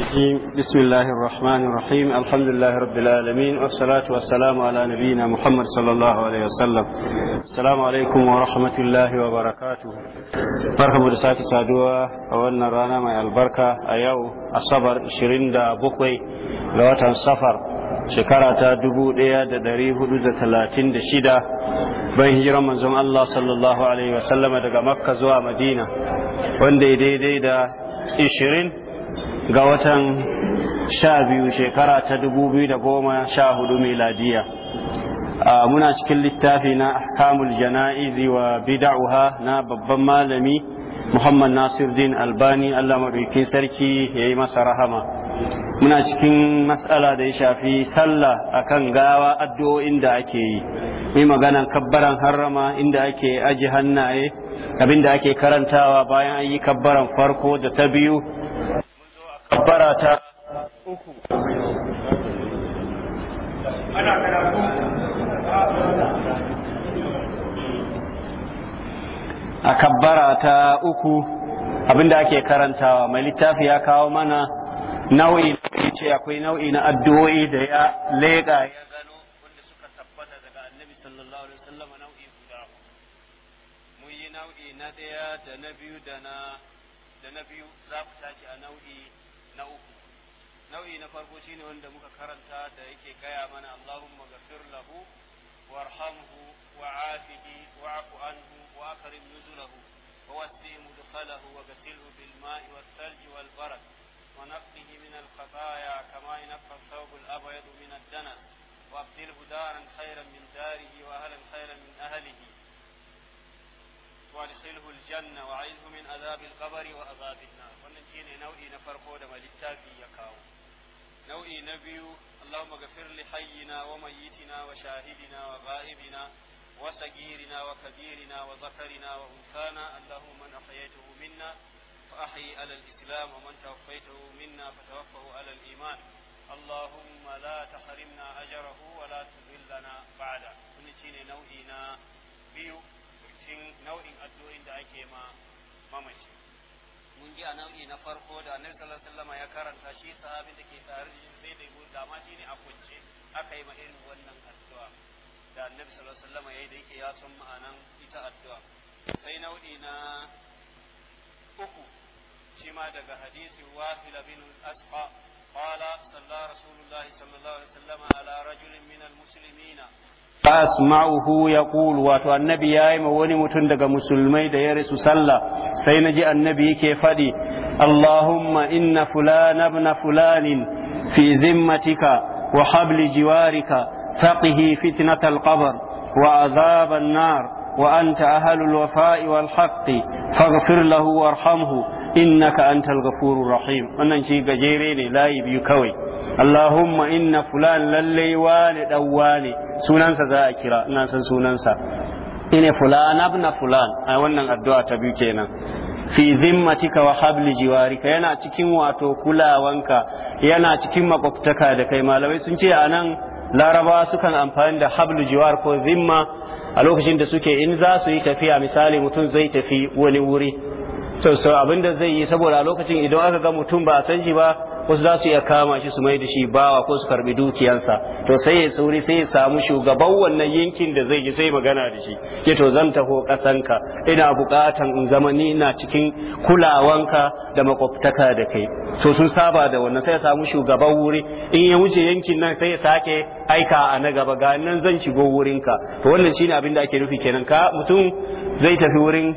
الرحيم بسم الله الرحمن الرحيم الحمد لله رب العالمين والصلاة والسلام على نبينا محمد صلى الله عليه وسلم السلام عليكم ورحمة الله وبركاته بركة مدسات سادوة أولنا رانا مع البركة أيو الصبر شرين دا بقوي لوطن صفر shekara ta dubu ɗaya da ɗari hudu da talatin da shida ban hijiran manzon Allah sallallahu Alaihi wasallama daga makka zuwa madina wanda daidai da ishirin ga watan sha biyu shekara ta dubu biyu da goma sha hudu miladiya muna cikin littafi na kamul jana'izi wa bida'uha na babban malami muhammad din albani allah maɗaukin sarki ya yi masa rahama muna cikin matsala da ya shafi sallah kan gawa addu'o'in da ake yi mai maganan kabbaran harrama inda ake aji hannaye abinda ake karantawa bayan ayi yi kabbaran farko da ta biyu kabbara ta uku ana karatu a kabbara ta uku abinda ake karantawa mai littafi ya kawo mana nau'i ce akwai nau'i na addu'o'i da ya lega ya gano wanda suka tabbata daga annabi sallallahu alaihi wasallam nau'i guda mun yi nau'i na daya da na biyu da na biyu za ku tashi a nau'i na uku nau'i na farko shine wanda muka karanta da yake gaya mana Allahumma ghafir lahu warhamhu wa'afihi wa'fu anhu wa nuzulahu مدخله وغسله بالماء والثلج والبرد ونقه من الخطايا كما ينقى الثوب الأبيض من الدنس وابدله دارا خيرا من داره وأهلا خيرا من أهله وادخله الجنة وعيذه من عذاب القبر وعذاب النار shine nau'i na farko da mai littafi ya kawo nau'i na biyu Allahumma ghafir li hayyina wa mayyitina wa shahidina wa ghaibina wa sagirina wa kabirina wa zakarina wa unsana Allahumma man ahyaytahu minna fa ahyi ala al-islam wa man tawaffaytahu minna fatawaffahu ala al-iman اللهم لا تحرمنا أجره ولا تذلنا بعده kun shine nau'i na biyu cikin nau'in addu'o'in da ake ma mamaci mun ji a nau'i na farko da annabi sallallahu alaihi wasallam ya karanta shi sahabi da ke tare da sai da ma shi ne a kunce aka yi ma irin wannan addu'a da annabi sallallahu alaihi wasallam yayi da yake ya san ma'anan ita addu'a sai nau'i na uku shi ma daga hadisi wasila bin asqa qala sallallahu rasulullahi sallallahu alaihi wasallam ala rajulin minal muslimina فاسمعه يقول wato annabi yayi ma wani mutum daga musulmai da ya rasu sallah sai naji annabi yake fadi Allahumma inna fulana ibn fulanin fi zimmatika wa habli jiwarika faqihi fitnatal qabr wa adhab an-nar wa anta ahlul wafa'i wal haqqi faghfir lahu warhamhu innaka antal ghafurur rahim wannan shi gajere ne layi biyu kawai Allahumma inna fulan lallai wane dan wane sunansa za a kira ina san sunansa ina fulan abna fulan a wannan addu'a ta biyu kenan fi zimmatika wa habli jiwarika yana cikin wato kulawanka yana cikin makwabtaka da kai malamai sun ce anan larabawa sukan amfani da hablu jiwar ko zimma a lokacin da suke in za su yi tafiya misali mutum zai tafi wani wuri to so abinda zai yi saboda a lokacin idan aka ga mutum ba a san shi ba wasu za su iya kama shi su mai da shi bawa ko su karbi dukiyansa to sai ya sauri sai ya samu shugaban wannan yankin da zai ji sai magana da shi ke to zan taho kasanka ina bukatan in zama ni na cikin kulawanka da makwabtaka da kai To sun saba da wannan sai ya samu shugaban wuri in ya wuce yankin nan sai ya sake aika a na gaba ga nan zan shigo wurinka to wannan shine abin da ake nufi kenan ka mutum zai tafi wurin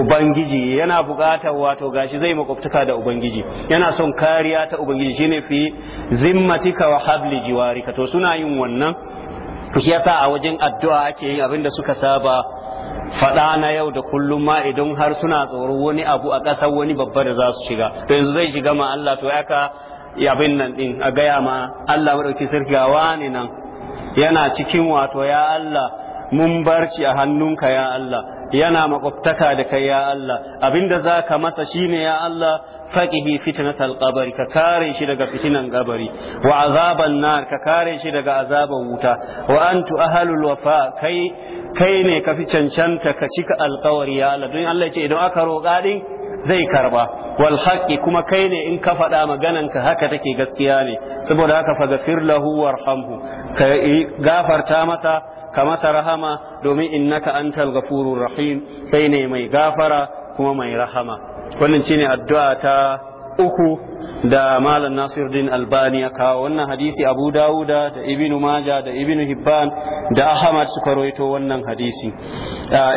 ubangiji yana buƙatar wato gashi zai makwabtaka da ubangiji yana son kariya ta ubangiji shine fi zimmatika wa habli jiwarika to suna yin wannan shi yasa a wajen addu'a ake yin abin da suka saba faɗa na yau da kullum ma idan har suna tsoro wani abu a ƙasar wani babba da za su shiga to yanzu zai shiga ma Allah to ya ka abin nan din a gaya ma Allah maɗauki sirga wani nan yana cikin wato ya Allah mun barci a hannunka ya Allah yana makwabtaka da kai ya Allah abinda za ka masa shine ya Allah faqihi fitnatal qabri ka kare shi daga fitinan kabari wa azaban nar ka kare shi daga azaban wuta wa antu ahlul wafa kai kai ne ka fi cancanta ka cika alkawari ya Allah don Allah ya ce idan aka roƙa din zai karba wal haƙƙi kuma kai ne in ka faɗa maganan ka haka take gaskiya ne saboda haka faghfir lahu warhamhu ka gafarta masa ka masa rahama domin innaka antal ghafurur rahim kai ne mai gafara kuma mai rahama wannan shine addu'a ta uku da malam nasiruddin albani ya kawo wannan hadisi abu dawuda da ibnu maja da ibnu hibban da ahmad suka rawaito wannan hadisi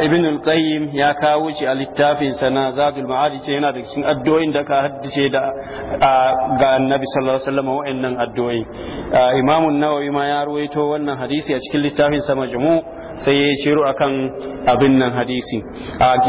ibnu qayyim ya kawo shi a littafin sana zadul ma'ad ce yana da cikin addu'o'in da ka haddace da ga annabi sallallahu alaihi wasallam wa'annan addu'o'i imam an-nawawi ma ya rawaito wannan hadisi a cikin littafin sa majmu sai ya shiru akan abin nan hadisi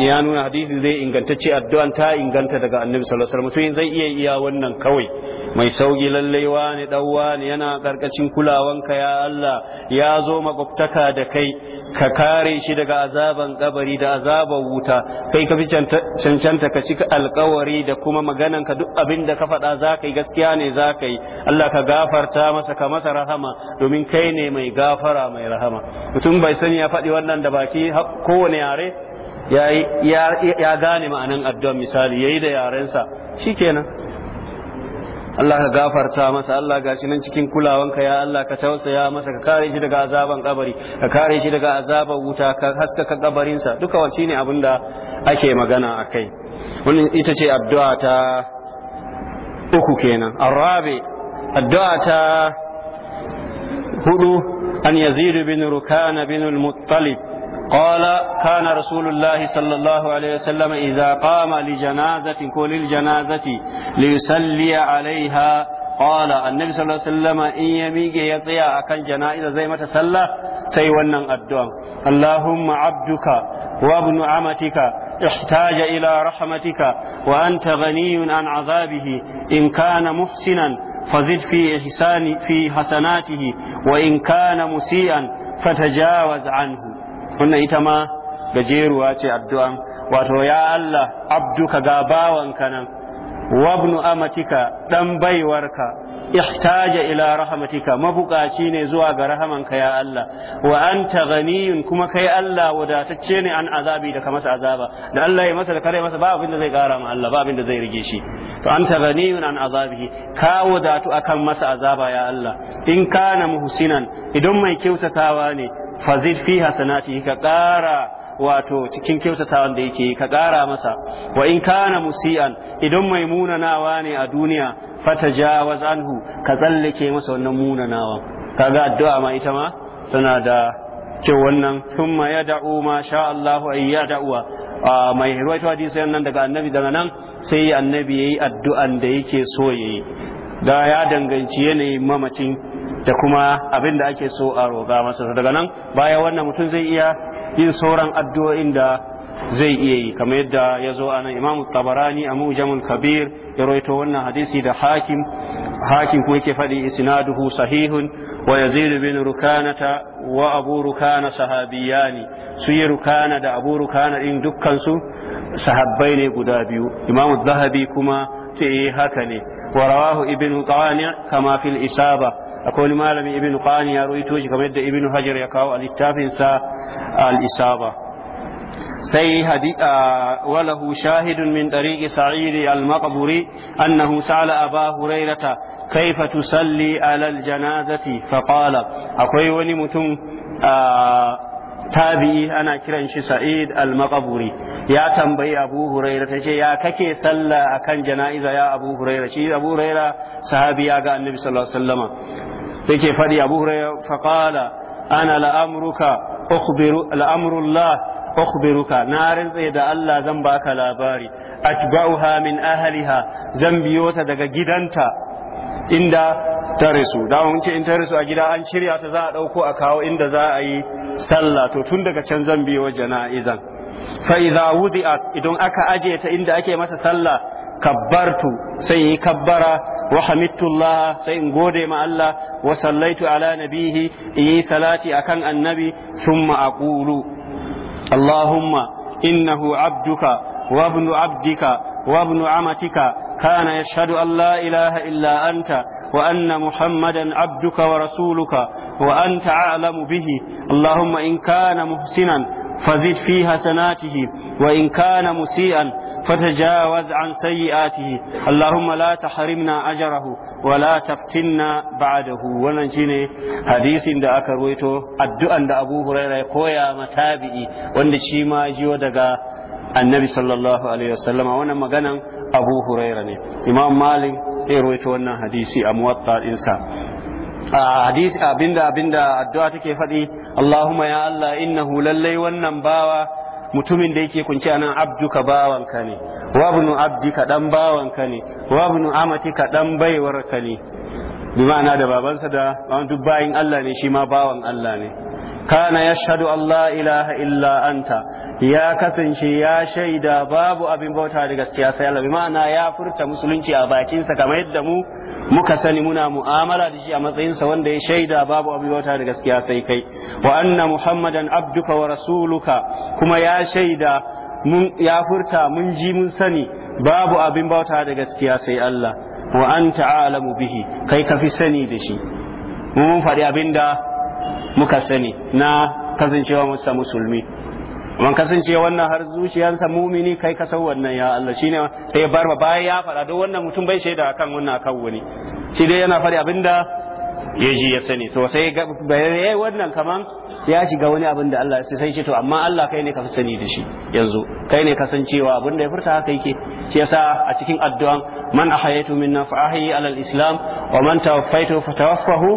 ya nuna hadisi zai ingantacce addu'an ta inganta daga annabi sallallahu alaihi wasallam to zai iya iya wannan wannan kawai mai sauki lallai wani ɗauwa ne yana ƙarƙashin kulawanka ya Allah ya zo makwabtaka da kai ka kare shi daga azaban kabari da azaban wuta kai ka fi cancanta ka cika alkawari da kuma maganan ka duk abin da ka faɗa za ka yi gaskiya ne za ka yi Allah ka gafarta masa ka masa rahama domin kai ne mai gafara mai rahama mutum bai sani ya faɗi wannan da baki kowane yare ya gane ma'anan addu'a misali yayi da yarensa shi kenan. Allah ka gafarta masa Allah gashi nan cikin kulawanka ya Allah ka tausaya masa ka kare shi daga azaban kabari ka kare shi daga azaban wuta ka haskaka kabarinsa duka wace ne abin da ake magana a kai wannan ita ce addu'a ta uku kenan arabe addu'a ta hudu an yazidu bin rukana bin al-muttalib قال كان رسول الله صلى الله عليه وسلم إذا قام لجنازة كل الجنازة ليصلي عليها قال النبي صلى الله عليه وسلم إن يميك يطيع أكن جنائز زي ما تسلى سيونا الدعاء اللهم عبدك وابن عمتك احتاج إلى رحمتك وأنت غني عن عذابه إن كان محسنا فزد في إحسان في حسناته وإن كان مسيئا فتجاوز عنه wannan ita ma gajeruwa ce addu'an wato ya Allah abduka ga bawanka nan wabnu amatika dan baiwarka ihtaja ila rahmatika mabukaci ne zuwa ga rahamanka ya Allah wa anta ghaniyun kuma kai Allah wadatacce ne an azabi da ka masa azaba da Allah ya masa da kare masa ba abin da zai kara ma Allah ba abin da zai rige shi to anta ghaniyun an azabihi ka wadatu akan masa azaba ya Allah in kana muhsinan idan mai kyautatawa ne fazid fi hasanati ka ƙara wato cikin kyautatawan da yake ka ƙara masa wa in kana musi'an idan mai munanawa ne a duniya fatajawaz anhu ka tsallake masa wannan munanawa kaga addu'a ma ita ma tana da kyau wannan ya da'u ma sha Allahu ay yad'uwa mai ruwaito hadisi nan daga annabi daga nan sai annabi yayi addu'an da yake so yayi da ya danganci yanayin mamacin da kuma abin da ake so a roga masa daga nan baya wannan mutum zai iya yin sauran addu'o'in da zai iya yi kamar yadda ya zo anan imam tabarani a mujamul kabir ya roito wannan hadisi da hakim hakim kuma yake faɗi isnaduhu sahihun wa yazid bin rukanata wa abu rukana sahabiyani su yi rukana da abu rukana din dukkan su sahabbai ne guda biyu imam zahabi kuma ce eh, haka ne wa rawahu ibn qani kama fil isaba akwai wani malami ibn qani ya ruwaito shi kamar yadda ibn hajar ya kawo a littafin sa al-isaba sai hadi walahu shahidun min tariqi sa'id al-maqburi annahu sa'ala aba hurairata kaifa tusalli ala al-janazati fa akwai wani mutum tabi'i ana kiran shi sa'id al-maqburi ya tambayi abu huraira ta ce ya kake sallah akan jana'iza ya abu huraira shi abu huraira sahabi ya ga annabi sallallahu alaihi wasallama sai ke fadi abu huraira fa qala ana la'amruka ukhbiru la'amrullah ukhbiruka na rantse da Allah zan baka labari atba'uha min ahliha zan biyo ta daga gidanta inda ta su da ce in ta su a gida an shirya ta za a dauko a kawo inda za a yi sallah to tun daga can zan biyo jana'izan fa idza wudi'at idan aka aje ta inda ake masa sallah kabbartu sai yi kabbara wa hamidtullah sai in gode ma Allah wa sallaitu ala nabihi yi salati akan annabi thumma aqulu allahumma innahu abduka abdika عبدك وابن عمتك كان يشهد أن لا إله illa anta. وأن محمدا عبدك ورسولك وأنت أعلم به اللهم إن كان محسنا فزد في حسناته وإن كان مسيئا فتجاوز عن سيئاته اللهم لا تحرمنا أجره ولا تفتنا بعده وننجيني حديث دا أكرويته الدعاء دا أبو هريرة كويا متابئي وندشيما جيو النبي صلى الله عليه وسلم وانا مغنم أبو هريرة إمام مالك ya ita wannan hadisi a muwatta insa hadisi abinda abinda addu'a take faɗi Allahumma ya Allah innahu lallai wannan bawa mutumin da yake kunci anan abduka bawanka ne wa ibnu abdika dan bawanka ne wa ibnu amatika dan baiwarka ne bi ma'ana da babansa da duk bayin Allah ne shi ma bawan Allah ne kana yashhadu Allah ilaha illa anta ya kasance ya shaida babu abin bauta da gaskiya sai Allah ma'ana ya furta musulunci a bakinsa kamar yadda mu muka sani muna mu'amala da shi a matsayinsa wanda ya shaida babu abin bauta da gaskiya sai kai wa anna muhammadan abduka wa rasuluka kuma ya shaida mun ya furta mun ji mun sani babu abin bauta da gaskiya sai Allah wa anta alamu bihi kai ka fi sani da shi mun faɗi abinda muka sani na kasancewa musa musulmi man kasance wannan har zuciyarsa mumini kai ka san wannan ya Allah shine sai bar ba bayan ya fara don wannan mutum bai shaida akan wannan akan wani shi dai yana fari abinda ya ji ya sani to sai ga yayi wannan kaman ya shiga wani abin da Allah sai ce to amma Allah kai ne ka fi sani da shi yanzu kai ne kasancewa abin da ya furta haka yake shi yasa a cikin addu'an man ahayatu minna fa ahyi alal islam wa man tawaffaitu fa tawaffahu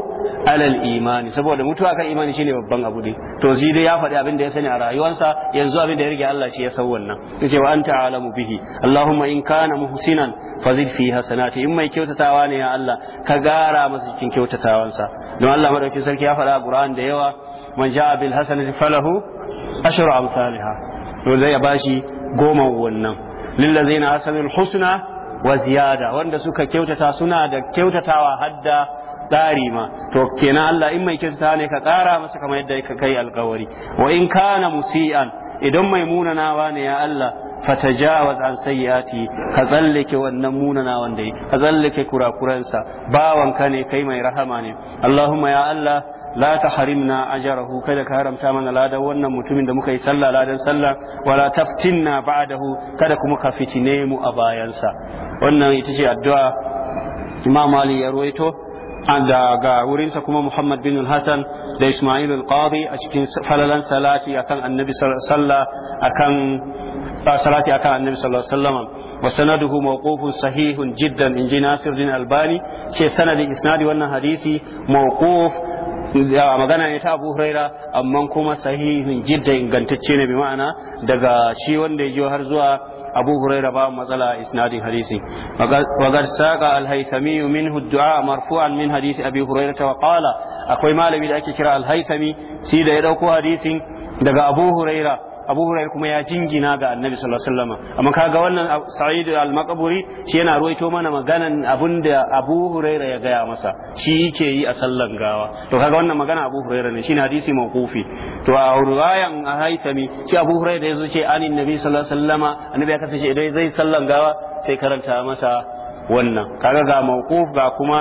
alal imani saboda mutuwa kan imani shine babban abu ne to shi dai ya faɗi abin da ya sani a rayuwarsa yanzu abin da ya rige Allah shi ya san wannan yace wa anta alamu bihi allahumma in kana muhsinan fazid fi hasanati in mai kyautatawa ne ya Allah ka gara masa cikin kyautatawansa don Allah madaukakin sarki ya faɗa a Qur'an da yawa man ja'a bil hasanati falahu ashru amsalha to zai ya bashi goma wannan lillazina hasanul husna wa ziyada wanda suka kyautata suna da kyautatawa hadda tsari ma to kenan Allah in mai kyauta ne ka tsara masa kamar yadda ka kai alkawari wa in kana musian idan mai munanawa ne ya Allah fatajawaz an sayyati ka tsallake wannan munanawan da ka tsallake kurakuransa bawanka ne kai mai rahama ne Allahumma ya Allah la harimna ajarahu kada ka haramta mana ladan wannan mutumin da muka yi sallah ladan sallah wala taftinna ba'dahu kada kuma ka fitine mu a bayansa wannan ita ce addu'a Imam Ali ya ruwaito Ah, daga wurinsa kuma Muhammad bin Hassan da Ismail al-Qadi a cikin falalan salati akan annabi sallallahu akan ah, salati akan annabi sallallahu alaihi wasallam wa sanaduhu mawqufun sahihun jiddan Nasir Nasiruddin Albani ce sanadin isnadi wannan hadisi mawquf magana ne ta Abu Huraira amma kuma sahihin jidda ingantacce ne bi ma'ana daga shi wanda ya har zuwa abu huraira ba matsala a isnadin hadisin wa gar saqa al-haythami minhu marfu'an min hadisi abi huraira ta qala akwai malami da ake kira alhaisami haythami shi da ya dauko hadisin daga abu huraira abu hurairah kuma ya jingina ga annabi sallallahu alaihi wasallam amma kaga wannan sa'id al-maqburi shi yana ruwaito mana maganan abinda abu hurairah ya gaya masa shi yake yi a sallan gawa to kaga wannan magana abu hurairah ne shine hadisi mawqufi to a ruwayan haitami shi abu hurairah yazo ce anin nabi sallallahu alaihi wasallama annabi ya kasance idan zai sallan gawa sai karanta masa wannan kaga ga mawquf ga kuma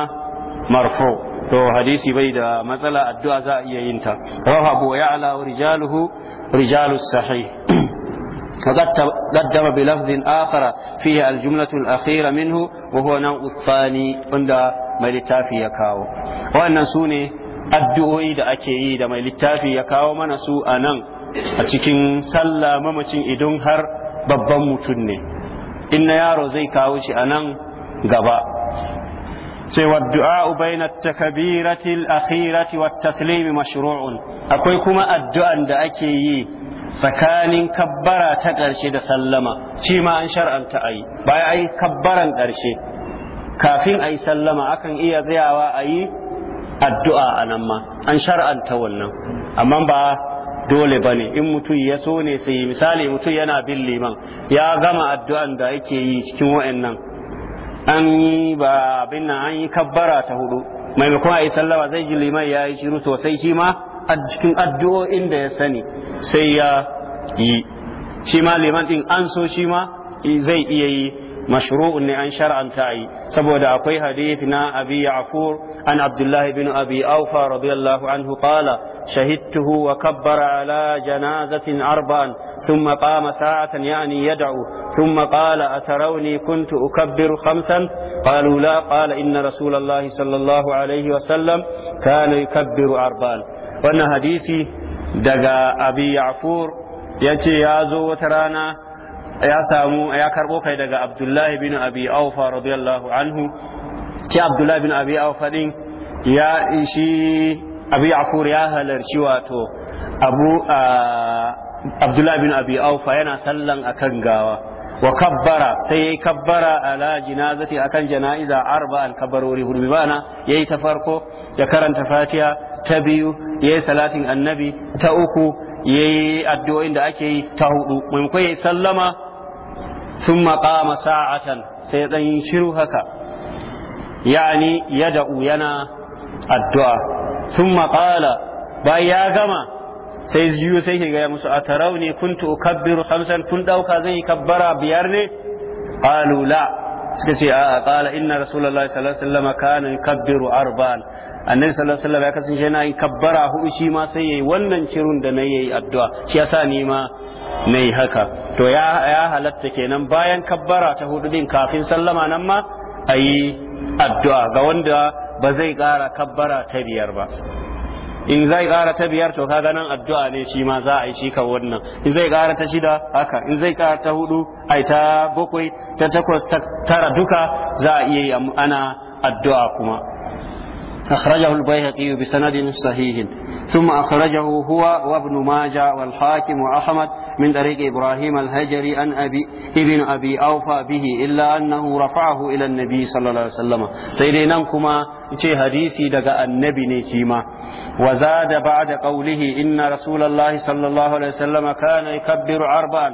marfu' to hadisi bai da matsala addu'a za a iya yin ta rawahu abu ya'la wa rijaluhu rijalus sahih وقد قدم بلفظ آخر فيه الجملة الأخيرة منه وهو نوع الثاني عند ما لتافي يكاو وأن سوني addu'o'i da ake yi da mai littafi ya kawo mana su a nan a cikin sallah mamacin idan har babban mutum ne in na yaro zai kawo shi a nan gaba cewa du'a baina takbirati al-akhirati wa taslimi mashru'un akwai kuma addu'an da ake yi tsakanin kabbara ta ƙarshe da sallama shi ma an shar'anta ayi bayan ayi kabbaran ƙarshe kafin ayi sallama akan iya tsayawa ayi addu'a anan ma an shar'anta wannan amma ba dole ba ne in mutum ya so ne sai misali mutum yana bin liman ya gama addu'an da ake yi cikin wa'annan an yi ba abin nan an yi kabbara ta hudu maimakon a yi sallama zai ji liman ya yi shiru sosai sai shi ma a cikin addu'o'in da ya sani sai ya yi shi ma liman din an so shi ma zai iya yi mashru'un ne an shar'anta yi saboda akwai hadith na abi ya'qur عن عبد الله بن أبي أوفى رضي الله عنه قال شهدته وكبر على جنازة أربعا ثم قام ساعة يعني يدعو ثم قال أتروني كنت أكبر خمسا قالوا لا قال إن رسول الله صلى الله عليه وسلم كان يكبر أربعا وأن حديثي دقى أبي يعفور يأتي يازو وترانا ya samu ya karbo kai daga abdullahi bin abi aufa radiyallahu anhu ce abdullahi bin abi aufadin ya shi abi afur ya halarci wato abu abdullahi bin abi aufa yana sallan akan gawa wa kabbara sai yi kabbara ala jinazati akan janaiza arba al kabarori hudu bana yayi ta farko ya karanta fatiha ta biyu yayi salatin annabi ta uku yayi addu'o'in da ake yi ta hudu mun yai sallama sun qama sa'atan sai dan shiru haka yani da'u yana addu'a thumma qala bayan ya gama sai ziyo sai ke gaya musu a tarauni kuntu ukabbiru khamsan kun ɗauka zai yi kabbara biyar ne qalu la suka ce a'a qala inna rasulullahi sallallahu alaihi wasallam kana kabbiru arba'an annabi sallallahu alaihi wasallam ya kasance yana yin kabbara hudu shi ma sai yayi wannan kirun da na yayi addu'a shi yasa ni ma nayi haka to ya ya halatta kenan bayan kabbara ta hudu din kafin sallama nan ma ayi addu'a ga wanda ba zai ƙara kabbara ta biyar ba in zai ƙara ta biyar to kaga nan addu'a ne shi ma za a yi shi kan wannan in zai ƙara ta shida haka in zai ƙara ta hudu ai ta bakwai ta takwas ta tara duka za a iya yi ana addu'a kuma akhrajahu al-bayhaqi bi sanadin sahihin ثم أخرجه هو وابن ماجه والحاكم وأحمد من طريق إبراهيم الهجري عن أبي ابن أبي أوفى به إلا أنه رفعه إلى النبي صلى الله عليه وسلم سيدنا كما ce hadisi daga annabi ne shi ma wa zada ba'da qawlihi inna rasulullahi sallallahu alaihi wasallam kana yukabbiru arba'an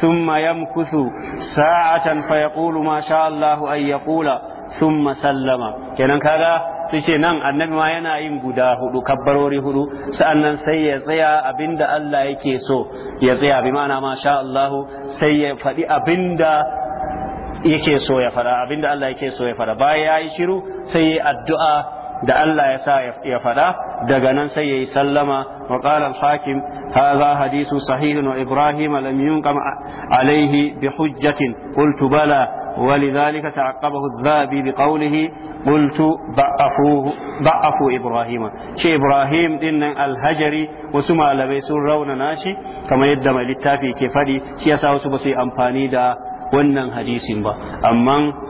thumma yamkuthu sa'atan fa yaqulu ma sha Allah an yaqula thumma sallama kenan kaga sai ce nan annabi ma yana yin guda hudu kabbarori hudu sa'annan sai ya tsaya abinda Allah yake so ya tsaya bi ma'ana masha Allah sai ya faɗi abinda yake so ya fara abinda Allah yake so ya fara bayan ya yi shiru sai ya addu'a da Allah ya sa ya faɗa daga nan sai yayi sallama wa qala al-hakim hadha hadithu sahih wa ibrahim lam yunqam bi hujjatin qultu bala wa lidhalika ta'aqqabahu adh-dhabi bi qawlihi qultu ba'afuhu ba'afu ibrahim shi ibrahim din nan al-hajari wasu malamai sun rauna nashi kamar yadda mai littafi ke faɗi shi yasa wasu ba su yi amfani da wannan hadisin ba amma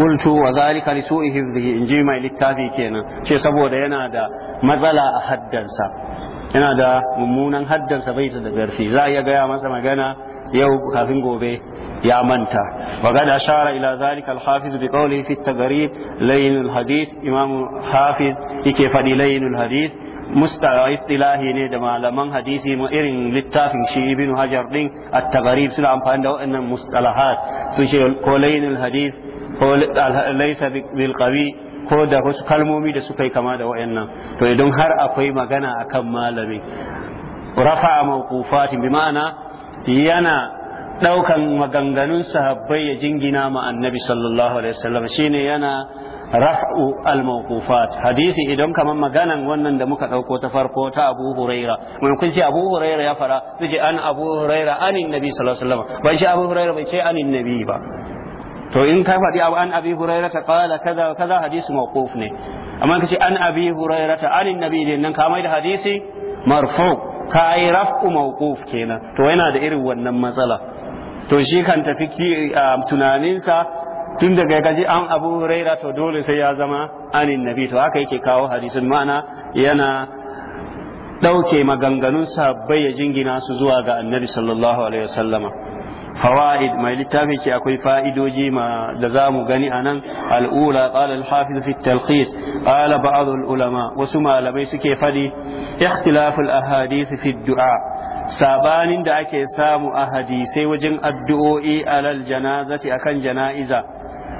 qultu wa zalika li su'i hifdhihi in ji mai littafi kenan ce saboda yana da matsala a haddansa yana da mummunan haddansa bai da garfi za a iya gaya masa magana yau kafin gobe ya manta وقد أشار إلى ذلك الحافظ بقوله في التقريب لين الحديث إمام حافظ يكيف لين الحديث mustawa istilahi ne da malaman hadisi mu irin littafin shi ibn hajar din at-tagharib suna amfani da waɗannan mustalahat su ce qawlainul hadith ko laisa bil qawi ko da wasu kalmomi da suka yi kama da wayannan to idan har akwai magana akan malami rafa mawqufatin bi ma'ana yana daukan maganganun sahabbai ya jingina ma annabi sallallahu alaihi wasallam shine yana raf'u al-mawqufat hadisi idan kaman maganan wannan da muka dauko ta farko ta Abu Huraira mun kun ce Abu Huraira ya fara sai an Abu Huraira anin nabi sallallahu alaihi wasallam ban shi Abu Huraira bai ce anin nabi ba to in ka faɗi abu an abi hurairata qala kaza kaza hadisi mawquf ne amma kace an abi hurairata an nabi ne nan ka mai da hadisi marfu ka yi raf'u mawquf kenan to yana da irin wannan matsala to shi kan tafi tunaninsa tun daga gaji an abu huraira to dole sai ya zama anin nabi to haka yake kawo hadisin ma'ana yana ɗauke maganganun sabbai ya jingina su zuwa ga annabi sallallahu alaihi wasallama فوائد ما للتافي شيء أكوي فائدوجي ما دزام غني أنا الأولى قال الحافظ في التلخيص قال بعض العلماء وسمع لبيس كيف دي اختلاف الأحاديث في الدعاء sabanin da ake samu a hadisai wajen addu'o'i alal janazati akan jana'iza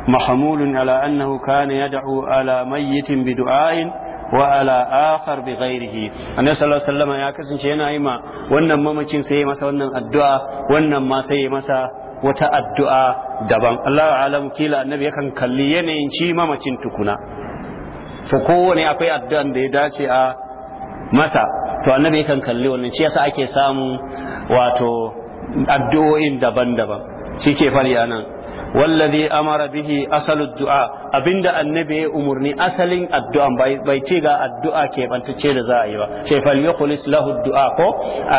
mahmulun ala annahu kana yad'u ala mayyitin bi du'ain wa ala akhar bi ghairihi annabi sallallahu alaihi wasallam ya kasance yana yi ma wannan mamacin sai ya masa wannan addu'a wannan ma sai ya masa wata addu'a daban Allah alamu kila annabi yakan kalli yanayin ci mamacin tukuna to kowane akwai addu'an da ya dace a masa to annabi yakan kalli wannan shi yasa ake samu wato addu'o'in daban-daban shi ke fari anan wallazi amara bihi asalud du'a abinda annabi ya umurni asalin addu'a bai ce ga addu'a ke bantacce da za a yi ba sai fal yukhlis lahu du'a ko a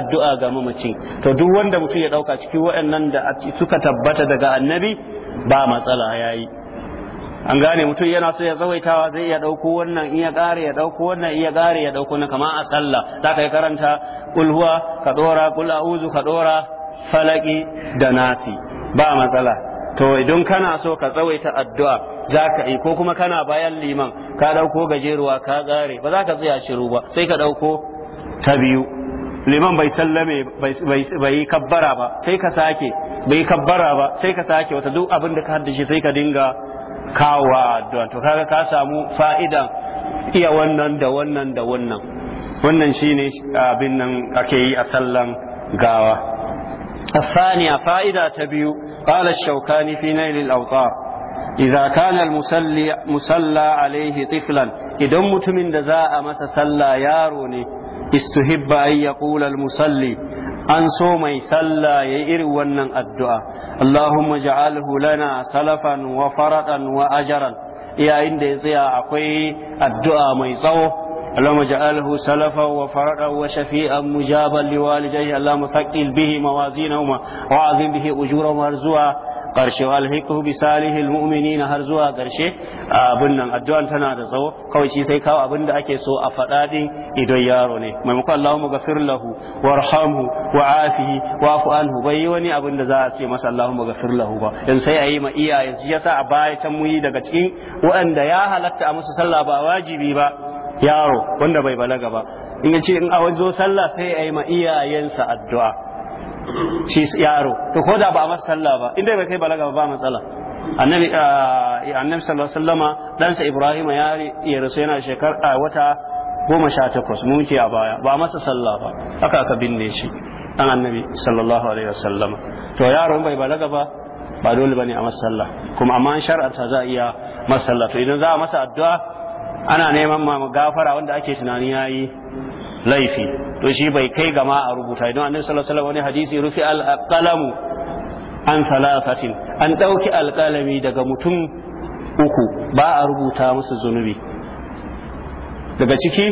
addu'a ga mamaci to duk wanda mutum ya dauka cikin waɗannan da suka tabbata daga annabi ba matsala yayi an gane mutum yana so ya tsawaitawa zai iya ɗauko wannan iya ƙare ya ɗauko wannan iya ƙare ya dauko na kama a sallah za kai karanta kulhuwa ka ɗora kul a'uzu ka falaki da nasi ba matsala to idan kana so ka tsawaita addu'a za ka yi ko kuma kana bayan liman ka dauko gajeruwa ka tsare ba za ka tsaya shiru ba sai ka ɗauko ta biyu liman bai sallame bai yi kabbara ba sai ka sake bai kabbara ba sai ka sake wata duk abin da ka haddace sai ka dinga kawa addu'a to kaga ka samu fa'idan iya wannan da wannan da wannan wannan shine abin nan ake yi a sallan gawa الثانية فائدة تبيو قال الشوكاني في نيل الأوطار إذا كان المسلي مسلى عليه طفلا a masa دزاء yaro سلى ياروني استهب أن يقول musalli an so mai sallah ya irin wannan addu'a Allahumma ja'alhu lana salafan wa faradan wa ajaran yayin da ya tsaya akwai addu'a mai tsawo اللهم اجعله سلفا وفردا وشفيئا مجابا لوالديه اللهم ثقل به موازينهما وعظم به اجورهما ارزوا قرشه والحقه بصالح المؤمنين هرزوا قرشه abin nan addu'an tana da tsawo kawai shi sai kawo abin da ake so a faɗa din yaro ne maimakon Allahumma gafir lahu warhamhu wa afihi wa anhu bai yi wani abin da za a ce masa Allahumma gafir lahu ba dan sai a yi ma iyaye shi yasa a baya can muyi daga cikin waɗanda ya halatta a musu sallah ba wajibi ba yaro wanda bai balaga ba in yace in a wajo sallah sai ya yi ma iyayensa addu'a shi yaro to ko da ba a masa sallah ba inda bai kai balaga ba ba matsala annabi annabi sallallahu alaihi wasallama sa ibrahim ya ya rasu yana shekar a wata goma sha takwas mun ce a baya ba masa sallah ba haka aka binne shi dan annabi sallallahu alaihi wasallama to yaro bai balaga ba ba dole bane a masa sallah kuma amma an ta za a iya masa sallah to idan za a masa addu'a ana neman ma gafara wanda ake tunani yayi laifi to shi bai kai gama a rubuta Idan annabi sallallahu alaihi wani hadisi rufi qalamu an salafatin an dauki qalami daga mutum uku ba a rubuta musu zunubi daga ciki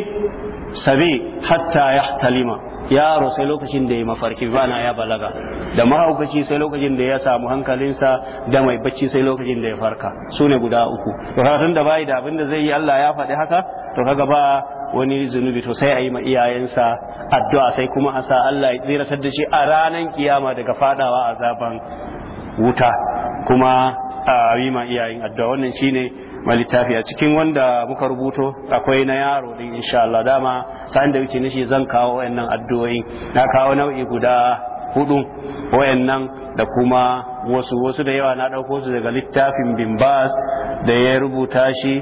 sabi hatta yahtalima yaro sai lokacin da ya mafarki bana ya balaga da mahaukaci sai lokacin da ya samu hankalinsa da mai bacci sai lokacin da ya farka su ne guda uku to karatun da bai da abin da zai yi Allah ya faɗi haka to kaga ba wani zunubi to sai a yi ma iyayensa addu'a sai kuma a sa Allah ya tsiratar da shi a ranar kiyama daga fadawa zaben wuta kuma a yi ma iyayen addu'a wannan shine malittafi a cikin wanda muka rubuto akwai na yaro din insha Allah dama sa'in da wuce nishi zan kawo wayannan addu'o'in na kawo nau'i guda hudu nan da kuma wasu wasu da yawa na ɗauko su daga littafin bin bas da ya rubuta shi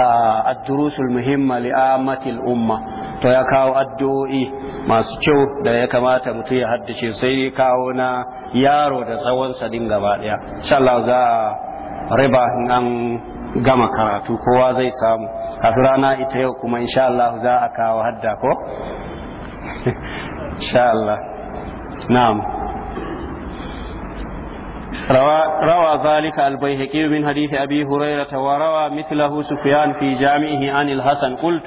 a durusul muhimma li'amatil umma to ya kawo addu'o'i masu kyau da ya kamata mutu ya haddace sai kawo na yaro da tsawon din gaba daya insha Allah za a riba nan gama karatu kowa zai samu a rana ita yau kuma insha Allah za a kawo hadda ko insha Allah na'am روى ذلك البيهقي من حديث أبي هريرة وروى مثله سفيان في جامعه عن الحسن قلت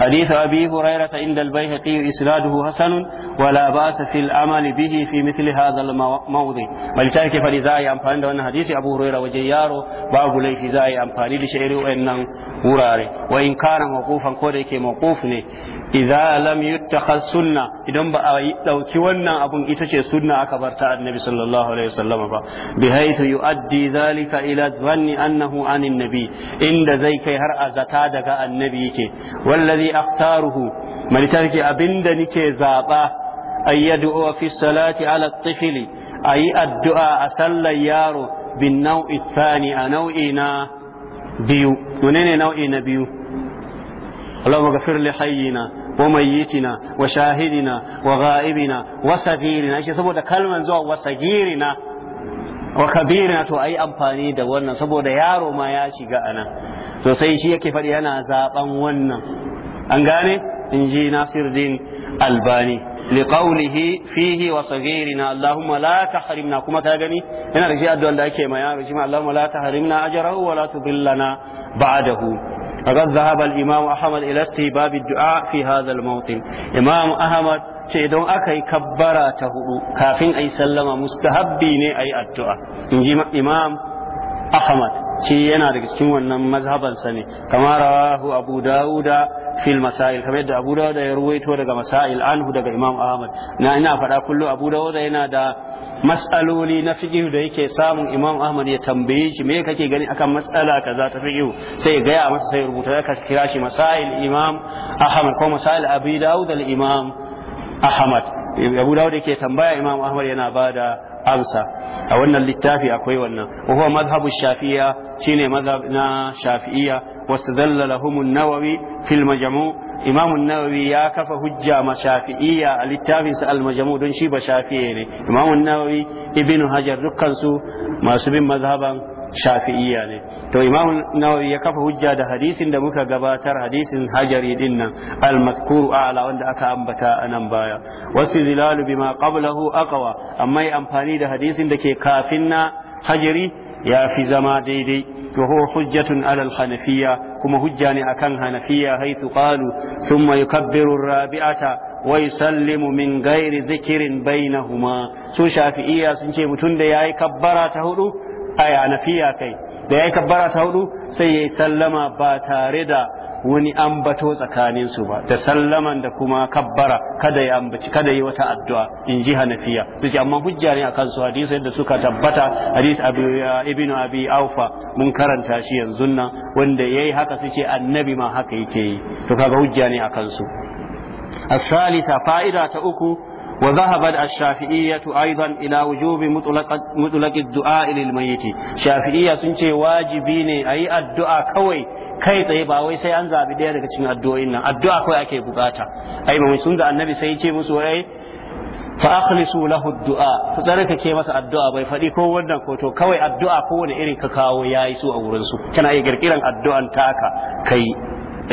حديث أبي هريرة عند البيهقي إسناده حسن ولا بأس في العمل به في مثل هذا الموضع ولذلك فلزاي أمفان دون حديث أبو هريرة وجياره باب ليه زاي أمفان لشعر وإنه وراري وإن كان موقوفا قولك موقوفني إذا لم يتخذ سنة إذن بأي لو كي wannan abun ita ce sunna aka barta annabi sallallahu alaihi wasallam ba بحيث يؤدي ذلك إلى الظن أنه عن النبي إن زي كي هرأ زتادك النبي كي والذي أختاره من ترك أبندني كي زابا أن يدعو في الصلاة على الطفل أي الدعاء أسل يارو بالنوع الثاني نوعنا بيو منين نوعنا بيو اللهم اغفر لحينا وميتنا وشاهدنا وغائبنا وصغيرنا ايش سبب كلمة زوا وصغيرنا wa kabirina to ayi amfani da wannan saboda yaro ma ya shiga a nan sosai shi yake faɗi yana zaɓan wannan an gane in ji nasiruddin albani liqaulihi fihi wa saghirina allahumma la tahrimna kuma ka gani yana da shi addu'an da ake ma yaro shi ma allahumma la tahrimna ajrahu wa la tudillana ba'dahu فقد ذهب الإمام أحمد إلى استهباب الدعاء في هذا الموطن إمام أحمد ce don aka yi kabbara ta hudu kafin a yi sallama mustahabbi ne a yi addu'a in ji imam ahmad ce yana da cikin wannan mazhabansa ne kamar rahu abu dawuda fil masail kamar yadda abu dawuda ya ruwaito daga masail anhu daga imam ahmad na ina faɗa kullu abu dawuda yana da mas'aloli na fiqh da yake samun imam ahmad ya tambaye shi me kake gani akan mas'ala kaza ta fiqh sai gaya masa sai rubuta ka kira shi masail imam ahmad ko masail abi dawud al imam ahmad abu dawud yake tambaya imam ahmad yana bada amsa a wannan littafi akwai wannan wa huwa madhhabu shafi'iyya shine madhhab na shafi'iyya wastadalla lahum an-nawawi fil majmu' imam an-nawawi ya kafa hujja ma shafi'iyya a littafin sa al-majmu' don shi ba shafi'i ne imam an-nawawi hajar dukkan su masu bin mazhaban shafi'iyya ne to imam nawawi ya kafa hujja da hadisin da muka gabatar hadisin hajari din nan al mazkuru a'la wanda aka ambata a nan baya wasu zilalu bima qablahu aqwa amma amfani da hadisin da ke kafin na hajari ya fi zama daidai wa huwa hujjatun ala hanafiya kuma hujja ne akan hanafiyya haythu qalu thumma yukabbiru rabi'ata ويسلم من غير su shafi'iyya sun ce سنشي da yayi kabbara ta hudu. Aya na fiya kai da yai kabbara ta hudu sai yayi sallama ba tare da wani ambato tsakanin su ba da sallaman da kuma kabbara kada ya ambaci kada yi wata addu'a in ji hanafiya suke amma hujja ne akan su hadisi da suka tabbata hadis uh, Ibnu abi aufa mun karanta shi yanzu nan wanda yayi haka suke annabi ma haka yake yi to kaga hujja ne akan su fa'ida ta uku. وذهبت الشافعية أيضا إلى وجوب مطلق, مطلق الدعاء للميت شافعية سنتي ne أي الدعاء كوي kai tsaye ba wai sai an zabi daya daga cikin addu'o'in nan addu'a kawai ake bukata ai mai sun da annabi sai ce musu wai fa akhlisu lahu du'a ku ke masa addu'a bai faɗi ko wannan ko to kawai addu'a ko wani irin ka kawo yayi su a wurin su kana iya kirkiran addu'an taka kai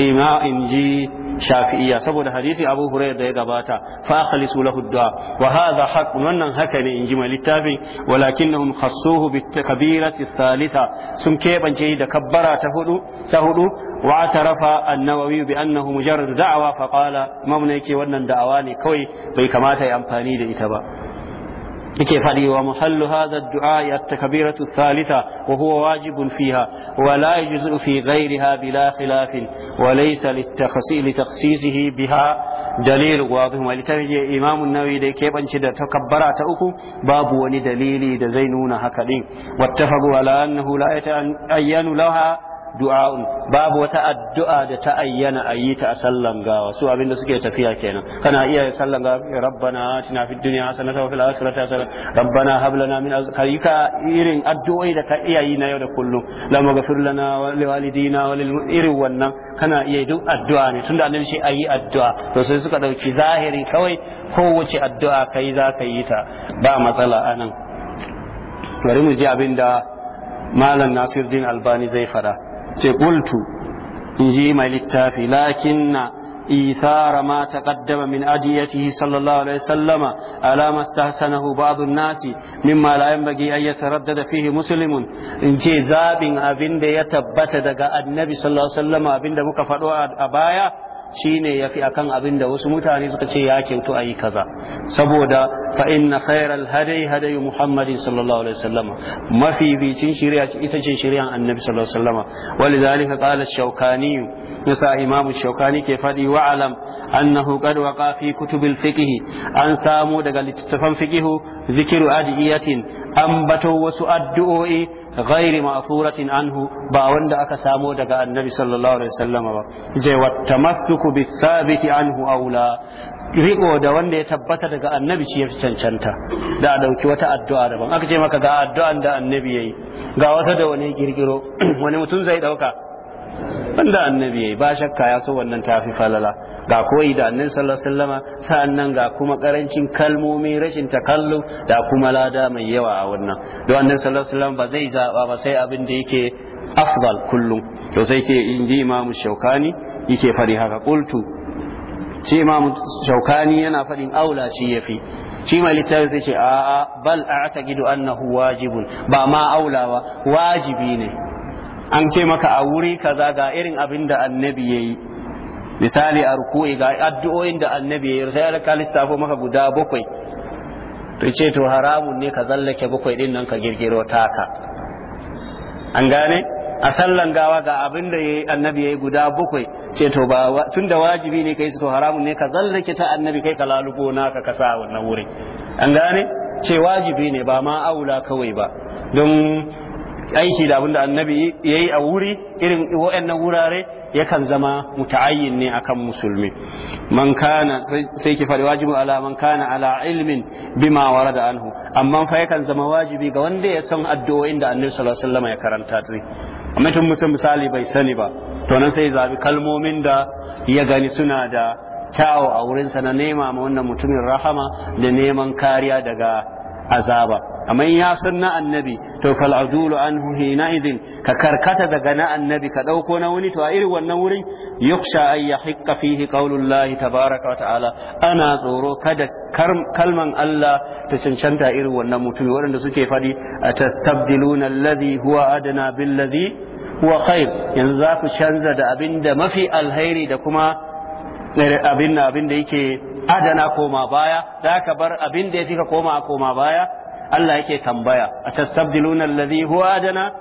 ima in ji shafi'iyya saboda hadisi abu hurairah da ya gabata fa akhlisu lahu du'a wa hadha haqq wannan haka ne inji littafin walakinnahum khassuhu bit takbirati thalitha sun kebance da kabbara ta hudu ta hudu wa atarafa an-nawawi bi annahu mujarrad da'wa fa qala mamna yake wannan da'awa ne kawai bai kamata ya amfani da ita ba yake faɗi wa muhallu hadha ad-du'a at-takbiratu ath-thalitha wa wajibun fiha wala la yajzu fi ghayriha bila khilaf wa laysa li-takhsisihi biha dalil wadih wa litafi imam an-nawawi da yake banci da takabbara ta uku babu wani dalili da zai nuna haka din wattafaqu ala annahu la yata'ayyanu laha du'a'un babu wata addu'a da ta ayyana a yi ta a sallan gawa su abinda suke tafiya kenan kana iya sallan gawa rabbana atina fid dunya hasanatan wa fil akhirati hasanatan rabbana hab lana min azkarika irin addu'o'i da ka iya yi na yau da kullum la maghfir lana wa li walidina wa lil irin wannan kana iya duk addu'a ne tunda annabi shi ayi addu'a to sai suka dauki zahiri kawai kowace addu'a kai za ka yi ta ba matsala anan bari mu ji abinda malam nasiruddin albani zai fara. ce qultu in ji mai littafi lakinna إيثار ما تقدم من أديته صلى الله عليه وسلم على ما استحسنه بعض الناس مما لا ينبغي أن يتردد فيه مسلم إن كي زاب أبن يتبت دقاء النبي صلى الله عليه وسلم أبن مكفر أبايا shine yafi akan abin da wasu mutane suka ce ya kyautu ayi kaza saboda fa inna khairal hadayi hadayi muhammadin sallallahu alaihi wasallam mafi bicin shari'a ita ce shari'an annabi sallallahu alaihi wasallam walidhalika qala ash-shawkani yasa imam ash-shawkani ke fadi wa alam annahu qad waqa fi kutubil fiqh an samu daga littattafan fiqh zikru adiyatin an bato wasu addu'o'i a ma'thuratin anhu ba wanda aka samo daga annabi sallallahu alaihi ba je wa tamassuku bi thabiti anhu aula riko da wanda ya tabbata daga annabi shi ya fi cancanta da a ɗauki wata addu'a daban aka ce maka ga addu'an da annabi ya yi ga wata da wani girgiro wani mutum zai ɗauka. wanda annabi yayi ba shakka ya so wannan fi falala ga koyi da annabi sallallahu alaihi wasallama nan ga kuma karancin kalmomi rashin takallu da kuma lada mai yawa a wannan don annabi sallallahu alaihi wasallam ba zai zaɓa ba sai abin da yake afdal kullum to sai ce in ji imamu shaukani yake fari haka qultu shi imamu shaukani yana fadin aula shi fi ci mai littafi sai ce a'a bal a'taqidu annahu wajibun ba ma aulawa wajibi ne an ce maka a wuri kaza ga irin abin da annabi ya yi misali a ruku'i ga addu'o'in da annabi ya yi sai alƙa lissafo maka guda bakwai to ce to haramun ne ka zallake bakwai din nan ka girgiro taka an gane a sallan gawa ga abin da yi annabi yi guda bakwai ce to ba tun da wajibi ne ka su to haramun ne ka zallake ta annabi kai ka lalubo naka ka sa wannan wuri an gane ce wajibi ne ba ma aula kawai ba don aiki da abin da annabi ya yi a wuri irin waannan wurare yakan zama muta'ayyin ne akan musulmi man kana sai ki faɗi wajibu ala man kana ala ilmin bima warada anhu amma fa yakan zama wajibi ga wanda ya san addu'o'in da annabi sallallahu alaihi wasallam ya karanta dai amma tun musu misali bai sani ba to nan sai zabi kalmomin da ya gani suna da kyawu a wurinsa na nema ma wannan mutumin rahama da neman kariya daga azaba amma ya san na annabi to fal adulu anhu hina idin ka karkata daga na annabi ka dauko na wuni to a irin wannan wurin yuksha ay yahiqqa fihi qaulullahi tabaraka wa ta'ala ana tsoro kada kalman Allah ta cancanta irin wannan mutum waɗanda suke fadi atastabdiluna alladhi huwa adna billadhi huwa khair yanzu za ku canza da abinda mafi alheri da kuma eh, abin da yake adana koma baya za ka bar abin da ya fi ka koma koma baya Allah yake tambaya a tastabdiluna alladhi huwa adana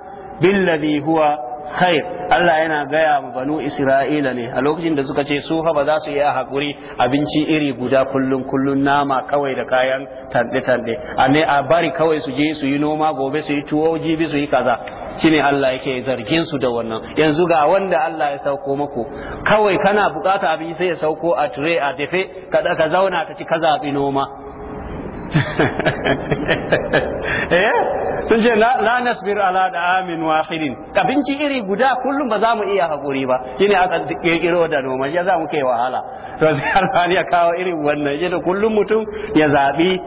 billadhi huwa kai Allah yana gaya ma banu Isra'ila ne a lokacin da suka ce su fa ba za su iya hakuri abinci iri guda kullun kullun nama kawai da kayan tande tande a ne a bari kawai su je su yi noma gobe su yi tuwo jibi su yi kaza shine Allah yake zargin su da wannan yanzu ga wanda Allah ya sauko muku kawai kana bukata abinci sai ya sauko a tire a dafe ka zauna ka ci kaza bi noma eh sun ce la nasbir ala da amin wahidin abinci iri guda kullum ba za mu iya haƙuri ba shine aka kirkiro da noma ya za mu kai wahala to sai alfani ya kawo irin wannan shi kullum mutum ya zaɓi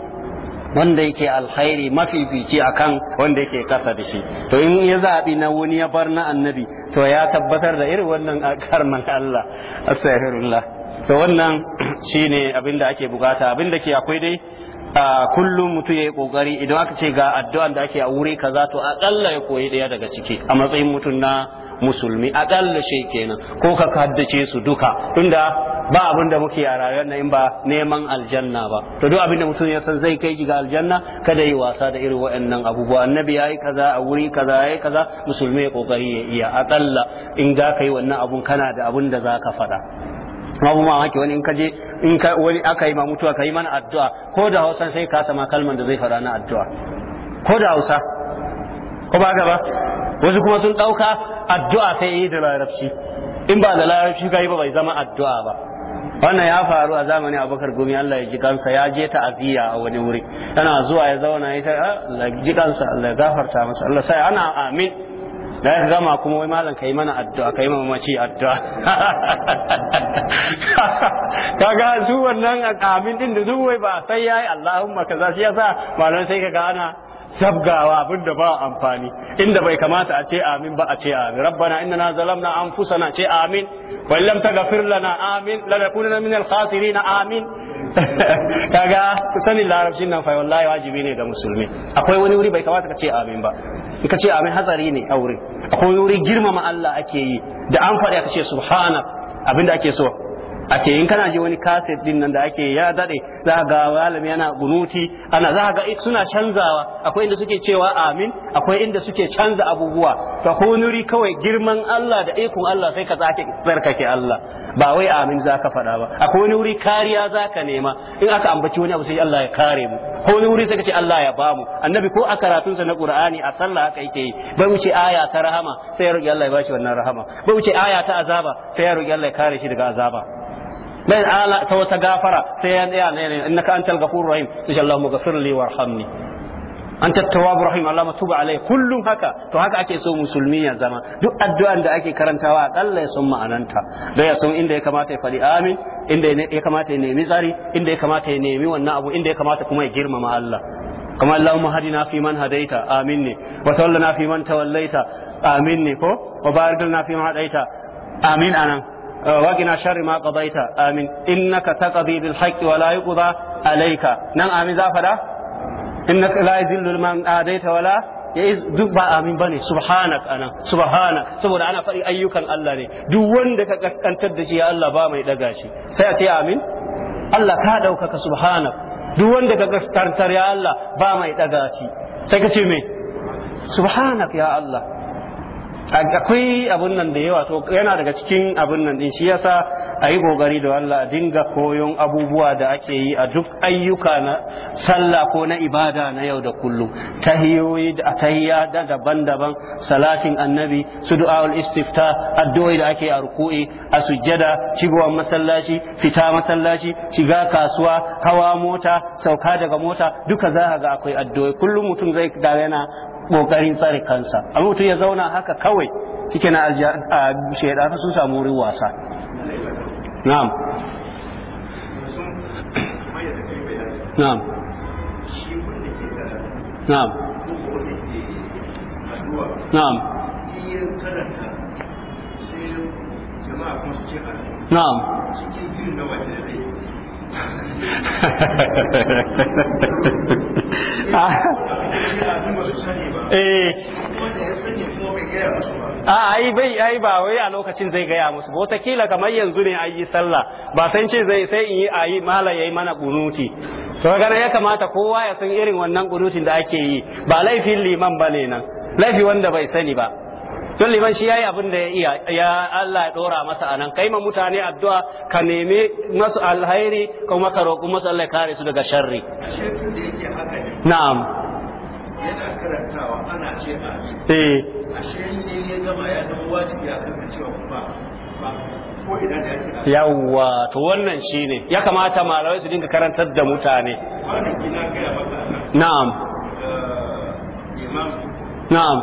wanda yake alkhairi mafifici akan wanda yake kasa da shi to in ya zaɓi na wani ya bar na annabi to ya tabbatar da irin wannan karman Allah astaghfirullah to wannan shine abinda ake bukata abinda ke akwai dai kullum mutum ya yi kokari idan aka ce ga addu'an da ake a wuri kaza to akalla ya koyi daya daga ciki a matsayin mutum na musulmi akalla shi kenan ko ka haddace su duka tunda ba abin da muke a rayuwar na in ba neman aljanna ba to duk abin da mutum ya san zai kai shi ga aljanna kada yi wasa da irin waɗannan abubuwa annabi yayi kaza a wuri kaza yayi kaza musulmi ya kokari ya iya akalla in za ka yi wannan abun kana da abun da zaka ka faɗa babu mamaki wani in ka je in ka wani aka yi ma mutuwa ka yi mana addu'a ko da hausa sai ka sama kalman da zai fara na addu'a ko da hausa ko ba gaba wasu kuma sun ɗauka addu'a sai yi da larabci in ba da larabci ka yi ba bai zama addu'a ba wannan ya faru a zamanin abubakar gumi Allah ya ji kansa ya je ta'aziyya a wani wuri yana zuwa ya zauna ya ta ah, Allah ya ji kansa Allah ya gafarta masa Allah sai ana amin da ya gama kuma wai malam kai mana addu'a kai mana mace addu'a kaga su wannan amin din da su wai ba sai yayi Allahumma kaza shi yasa malam sai kaga ana sabgawa abin da ba amfani inda bai kamata a ce amin ba a ce amin rabbana na zalamna anfusana ce amin wa illam taghfir lana amin lanakunanna minal khasirin amin kaga sanin larabcin nan fa wallahi wajibi ne ga musulmi akwai wani wuri bai kamata ka ce amin ba ka ce amin hatsari ne a wurin akwai wuri girmama Allah ake yi da an faɗi aka ce subhanak abinda ake so ake in kana ji wani kaset din nan da ake ya dade za ga malami yana gunuti ana za ga suna canzawa akwai inda suke cewa amin akwai inda suke canza abubuwa fa honuri kawai girman Allah da ikon Allah sai ka zake tsarkake Allah ba wai amin za ka faɗa ba akwai wani wuri kariya za ka nema in aka ambaci wani abu sai Allah ya kare mu ko wani sai ka ce Allah ya bamu annabi ko a karatunsa na Qur'ani a sallah haka yake yi bai wuce aya ta rahama sai ya roki Allah ya bashi wannan rahama bai wuce aya ta azaba sai ya roki Allah ya kare shi daga azaba dan ala ta wata gafara sai ya tsaya ne innaka antal ghafurur rahim sai Allahumma ghafir li warhamni anta tawwabur rahim Allahumma tub alai kullum haka to haka ake so musulmi ya zama duk addu'an da ake karantawa akalla ya san ma'ananta da ya san inda ya kamata ya fadi amin inda ya kamata ya nemi tsari inda ya kamata ya nemi wannan abu inda ya kamata kuma ya girmama Allah Kamar Allah fi man hadaita Amin! في من هديت fi man في Amin! توليت آمني كو وبارك fi فيما hadaita Amin anan. وقنا شر ما قضيت آمين إنك تقضي بالحق ولا يقضى عليك نعم آمين زافدا إنك لا يزل من آديت ولا ya duk ba amin bane subhanak anan subhanak saboda ana faɗi ayyukan Allah ne duk wanda ka kaskantar da shi ya Allah ba mai daga shi sai a ce amin Allah ka ɗaukaka subhanak duk wanda ka kaskantar ya Allah ba mai daga shi sai ka ce me subhanak ya Allah akwai abun nan da yawa to yana daga cikin abun nan din shi yasa a yi gogari da Allah a dinga koyon abubuwa da ake yi a duk ayyuka na sallah ko na ibada na yau da kullum tahiyoyi da tahiyya da daban-daban salatin annabi su du'a'ul istifta addu'o'i da ake a ruku'i a sujjada cigowa masallaci fita masallaci shiga kasuwa hawa mota sauka daga mota duka za ga akwai addu'o'i kullum mutum zai da yana kokarin tsare kansa a mutum ya zauna haka kawai cike na shaidanu sun samu wurin wasa na'am na'am na'am na'am na'am Eh. ai bai ai ba wai a lokacin zai gaya musu ba kamar yanzu ne a yi sallah ba san ce zai sai in yi a yi malaye mana ƙunuti to gana ya kamata kowa ya san irin wannan ƙunutin da ake yi ba laifin liman ba ne nan laifi wanda bai sani ba don liman shi yayi abin da ya iya ya Allah ya dora masa anan kai ma mutane addu'a ka nemi masu alhairi kuma ka roƙi masu Allah kare su daga sharri na'am yana karantawa ana ce amin eh ashe ne ya zama ya zama wajibi a kan cewa ba yawwa to wannan shine ya kamata malamai su dinga karantar da mutane na'am eh, na'am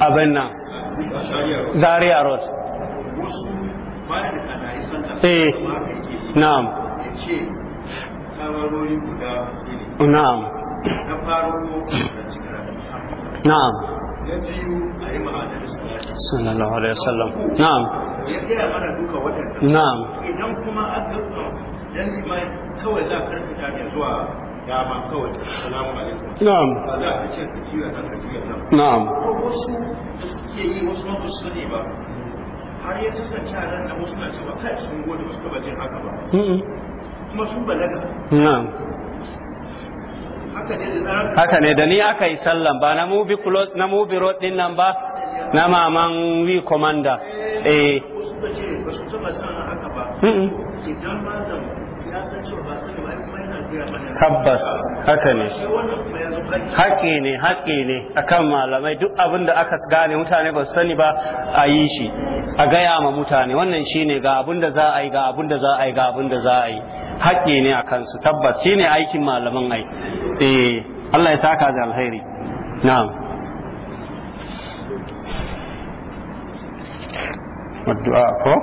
abin nan zaria road eh na'am na'am na'am sallallahu alaihi wasallam na'am na'am idan kuma aka dan kawai za ka zuwa dama kawai salamu alaikum na'am ba za a ce ka nan ka nan na'am ko wasu da suke yi wasu ba su sani ba har a nan wasu na ba kai sun gode wasu taba jin haka ba kuma sun balaga na'am haka ne da ni aka yi sallan ba na mubi close na mubi road din nan ba na maman wi commander eh, eh. ba su taba san haka ba idan da tabbas haka ne haƙe ne haƙe ne a kan malamai duk abin da aka gane mutane ba su sani ba a yi shi a gaya ma mutane wannan shi ne ga abin da za a yi ga abin da za a yi ga abin da za a yi haƙe ne a kansu tabbas shi ne aikin malaman ai eh Allah ya saka da alheri na'am ko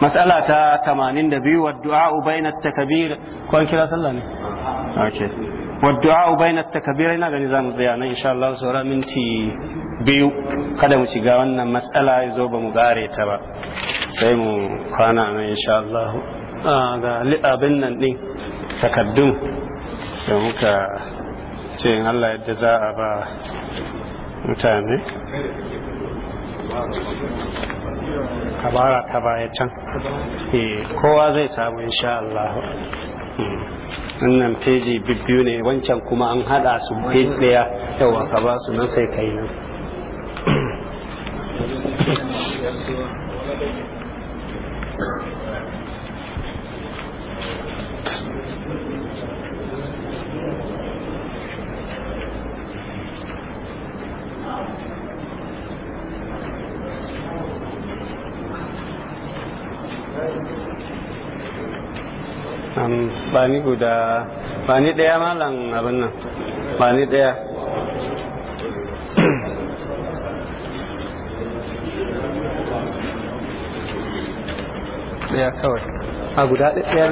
mas'ala ta 82 والدعاء بين التكبير كون كلا kira الله okay wadda bayna takabira ina gani za mu tsaya nan insha Allah saura minti biyu kada mu shiga wannan matsala ya zo ba mu gare ta ba sai mu kwana nan insha Allah ah, ga abin nan din takaddun da muka ce in Allah yadda za a ba mutane kabara ta baya can eh, kowa zai samu insha Allah wannan feji bibiyu ne wancan kuma an hada su peji daya yawa ka ba su nan sai kai nan ba ni guda ba ni daya malam abin nan ba ni ɗaya ɗaya kawai a guda ɗaya